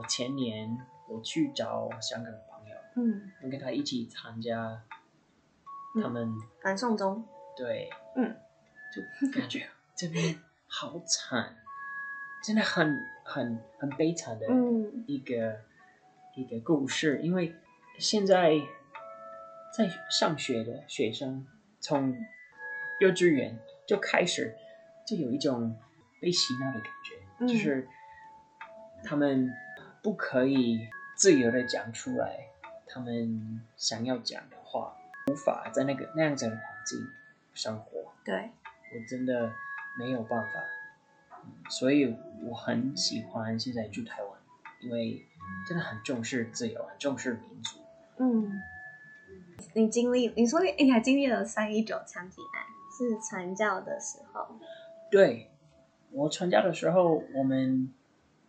我前年我去找香港。嗯，我跟他一起參加，他們、嗯、反送中，對，嗯，就感覺這邊好慘， 真的很很很悲慘的一個、嗯、一個故事。因為現在在上學的學生，從幼稚園就開始就有一種被洗腦的感覺、嗯，就是他們不可以自由地講出來。他們想要講的話，無法在那個那樣子的環境生活。對，我真的沒有辦法。嗯，所以我很喜歡現在住台灣，因為真的很重視自由，很重視民族。嗯，你經歷，你說你還經歷了三一九槍擊案，是傳教的時候？對，我傳教的時候，我們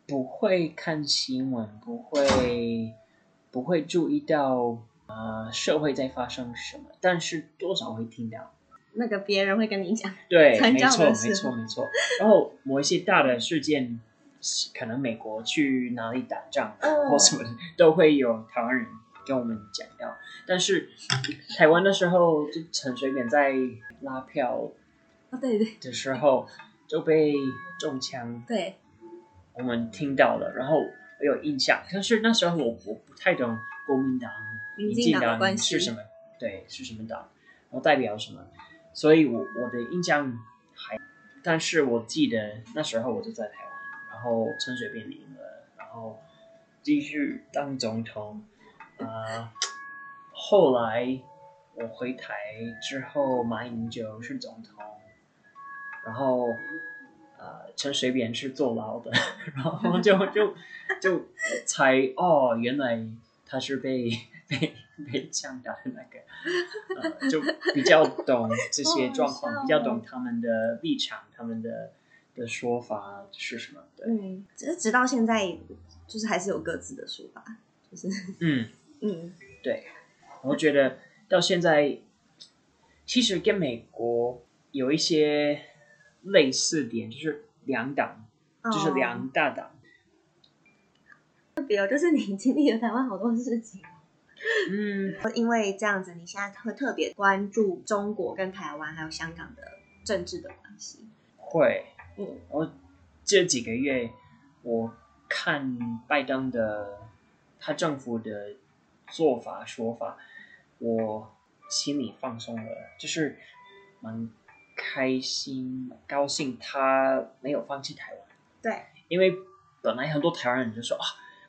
不會看新聞，不會。不會注意到，呃，社會在發生什麼，但是多少會聽到，那個別人會跟你講，對，沒錯，沒錯，沒錯。 然後某一些大的事件，可能美國去哪裡打仗或什麼的，都會有台灣人跟我們講到。但是台灣的時候，就陳水扁在拉票、哦，對對，的時候就被中槍，對，我們聽到了，然後。有印象，可是那時候我我不太懂國民黨、民進黨，民進黨是什麼，對是什麼黨，然後代表什麼，所以我我的印象還，但是我記得那時候我就在台灣，然後陳水扁贏了，然後繼續當總統，啊、呃，後來我回台之後，馬英九是總統，然後。呃，陳水扁是坐牢的，然後就就就猜哦，原來他是被被被槍打的那個、呃，就比較懂這些狀況、哦哦，比較懂他們的立場，他們的的說法是什麼？對，直、嗯、直到現在，就是還是有各自的說法，就是嗯嗯，對，我覺得到現在其實跟美國有一些。類似點就是兩黨，就是兩、oh. 大黨。特別就是你經歷了台灣好多事情，嗯，因為這樣子，你現在會特別關注中國跟台灣還有香港的政治的關係？會，我、哦、這幾個月我看拜登的他政府的做法說法，我心裡放鬆了，就是蠻。開心高興，他沒有放棄台灣。對，因為本來很多台灣人就說啊，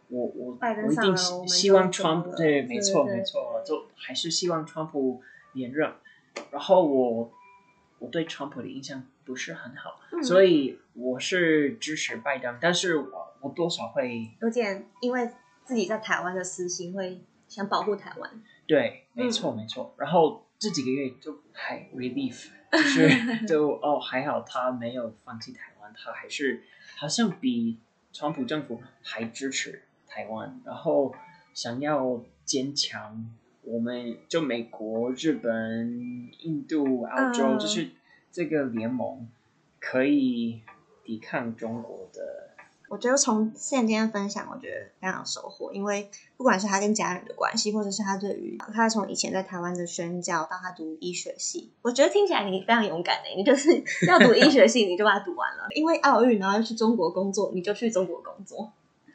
我我拜登我了，我一定希望 Trump，對，沒錯對對對沒錯，就還是希望 Trump 連任。然後我我對 Trump 的印象不是很好。嗯，所以我是支持拜登，但是我我多少會有點因為自己在台灣的私心，會想保護台灣。對，沒錯、嗯、沒錯。然後這幾個月就還 relief。 就是就哦，還好他沒有放棄台灣，他還是好像比川普政府還支持台灣，然後想要堅強，我們就美國、日本、印度、澳洲，uh... 就是這個聯盟可以抵抗中國的。我覺得從現今天分享，我覺得非常有收穫。因為不管是他跟家人的關係，或者是他對於他從以前在台灣的宣教到他讀醫學系，我覺得聽起來你非常勇敢的、欸、你就是要讀醫學系，你就把它讀完了； 因為奧運，然後要去中國工作，你就去中國工作；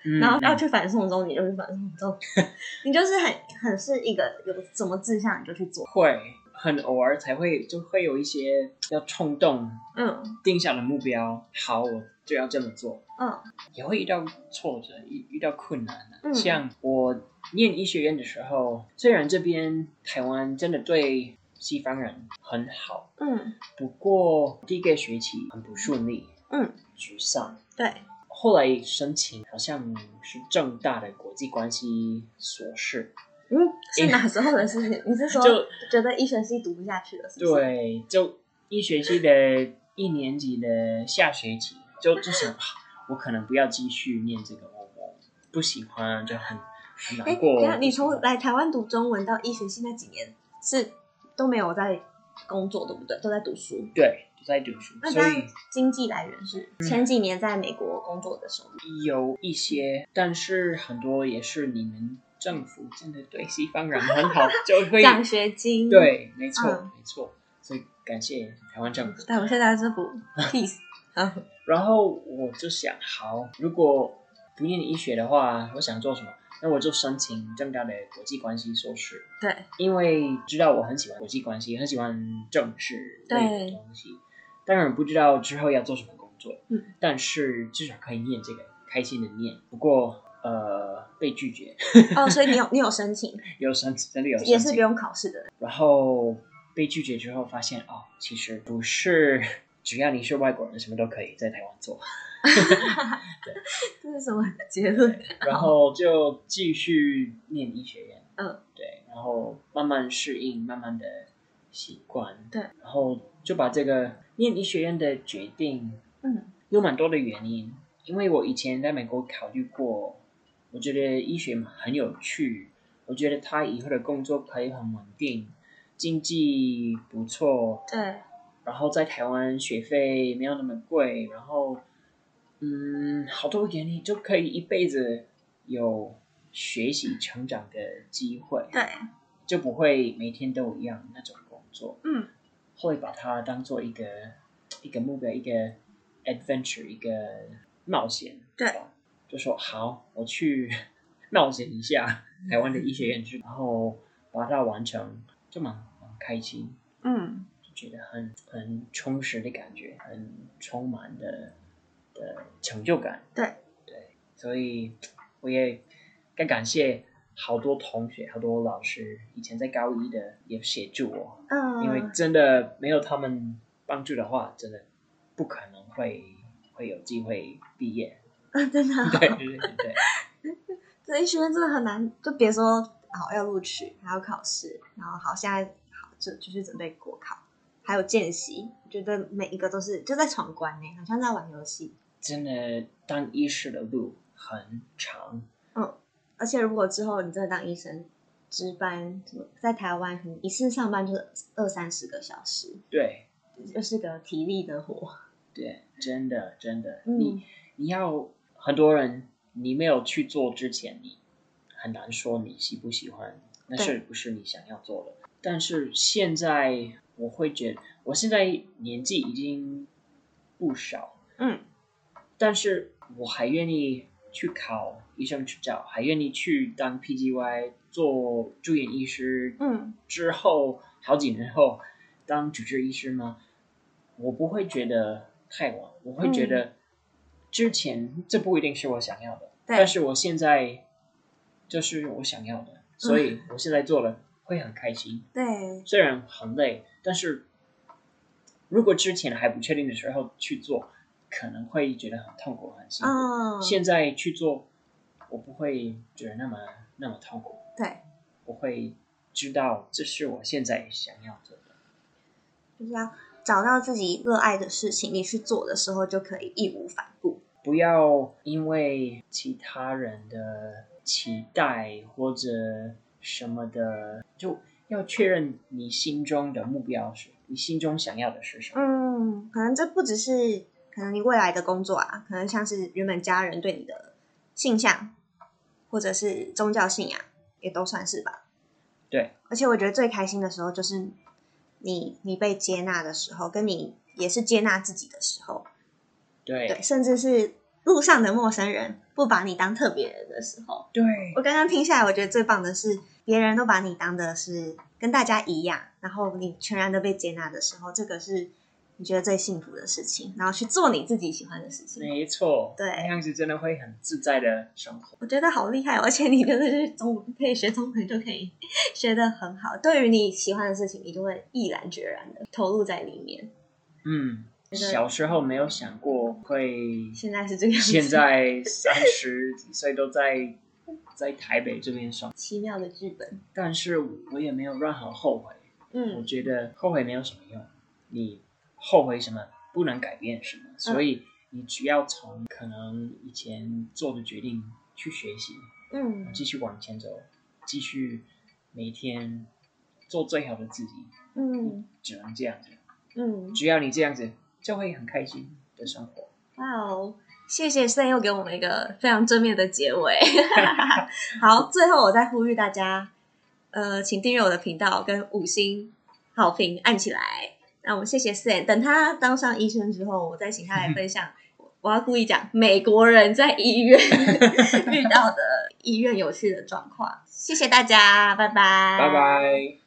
嗯、然後要去反送中，你就去反送中。 你就是很很是一個有什麼志向，你就去做。會很偶爾才會就會有一些要衝動，嗯，定下的目標。好。就要這麼做，嗯、oh.，也會遇到挫折，遇、遇到困難、嗯、像我念醫學院的時候，雖然這邊台灣真的對西方人很好，嗯，不過第一個學期很不順利，嗯，沮喪、嗯，對。後來申請好像是政大的國際關係碩士，嗯，是哪時候的事情？欸、你是說就覺得醫學系讀不下去了？是不是？對，就醫學系的一年級的下學期。就就想、啊，我可能不要繼續念這個，我不喜歡，就很很難過。你從來台灣讀中文到醫學系那幾年，是都沒有在工作，對不對？都在讀書，對，都在讀書。那在經濟來源是前幾年在美國工作的時候、嗯，有一些，但是很多也是你們政府真的對西方人很好，就可以獎學金。對，沒錯、嗯，沒錯。所以感謝台灣政府，感謝大資本。Peace。 好，然後我就想，好，如果不念醫學的話，我想做什麼？那我就申請政大的國際關係碩士。對，因為知道我很喜歡國際關係，很喜歡政治。對，當然不知道之後要做什麼工作。嗯，但是至少可以念這個，開心的念。不過，呃，被拒絕。 哦，所以你有你有申請？有申真的有申請，也是不用考試的。然後被拒絕之後，發現哦，其實不是。只要你是外國人，什麼都可以在台灣做。 對 這是什麼結論啊？然後就繼續念醫學院。嗯、哦，對，然後慢慢適應，慢慢的習慣。對，然後就把這個念醫學院的決定，嗯，有蠻多的原因，嗯。因為我以前在美國考慮過，我覺得醫學很有趣，我覺得他以後的工作可以很穩定，經濟不錯。對。然後在台灣學費沒有那麼貴，然後，嗯，好多年你就可以一輩子有學習成長的機會，對，嗯，就不會每天都一樣那種工作，嗯，會把它當做一個一個目標，一個 adventure，一個冒險，對，就說好，我去冒險一下，台灣的醫學院去，嗯，然後把它完成，就蠻，蠻開心，嗯。覺得很很充實的感覺，很充滿的的成就感。對對，所以我也該感謝好多同學、好多老師，以前在高一的也協助我。嗯、呃，因為真的沒有他們幫助的話，真的不可能會會有機會畢業。啊、真的、哦。對對對對， 這一真的很難，就別說好要錄取，還要考試，然後好現在好就就是準備國考。還有見習，我覺得每一個都是就在闖關呢、欸，好像在玩遊戲。真的，當醫師的路很長。嗯，而且如果之後你真的當醫生，值班，在台灣一次上班就是二三十個小時。對，就是個體力的活。對，真的真的，嗯、你你要很多人，你沒有去做之前，你很難說你喜不喜歡，那是不是你想要做的？但是現在。我會覺得，我現在年紀已經不少，嗯，但是我還願意去考醫生執照，還願意去當 PGY 做住院醫師，嗯，之後好幾年後當主治醫師呢？我不會覺得太晚，我會覺得之前這不一定是我想要的，嗯，但是我現在就是我想要的，嗯，所以我現在做了。會很開心，對，雖然很累，但是如果之前還不確定的時候去做，可能會覺得很痛苦、很辛苦。哦、現在去做，我不會覺得那麼那麼痛苦。對，我會知道這是我現在想要的，就是要、啊、找到自己熱愛的事情，你去做的時候就可以義無反顧，不要因為其他人的期待或者。什麼的，就要確認你心中的目標是你心中想要的是什麼。嗯，可能這不只是可能你未來的工作啊，可能像是原本家人對你的性向，或者是宗教信仰，也都算是吧。對。而且我覺得最開心的時候就是你你被接納的時候，跟你也是接納自己的時候。對。對甚至是。路上的陌生人不把你當特別人的時候，對，我剛剛聽下來，我覺得最棒的是，別人都把你當的是跟大家一樣，然後你全然的被接納的時候，這個是你覺得最幸福的事情，然後去做你自己喜歡的事情，沒錯，對，這樣子真的會很自在的生活。我覺得好厲害，而且你就是中可以學中文就可以學得很好，對於你喜歡的事情，你就會毅然決然的投入在裡面，嗯。小時候沒有想過會，現在是這個樣子。現在三十幾歲都在在台北這邊上奇妙的劇本，但是我也沒有任何後悔。嗯，我覺得後悔沒有什麼用，你後悔什麼不能改變什麼，所以你只要從可能以前做的決定去學習，嗯，繼續往前走，繼續每天做最好的自己，嗯，只能這樣子，嗯，只要你這樣子。就會很開心的生活。哇哦！謝謝 SAM 又給我們一個非常正面的結尾。 好，最後我再呼籲大家，呃，請訂閱我的頻道，跟五星好評按起來。那我們謝謝 SAM，等他當上醫生之後，我再請他來分享。 我要故意講美國人在醫院 遇到的醫院有趣的狀況。謝謝大家，拜拜，拜拜。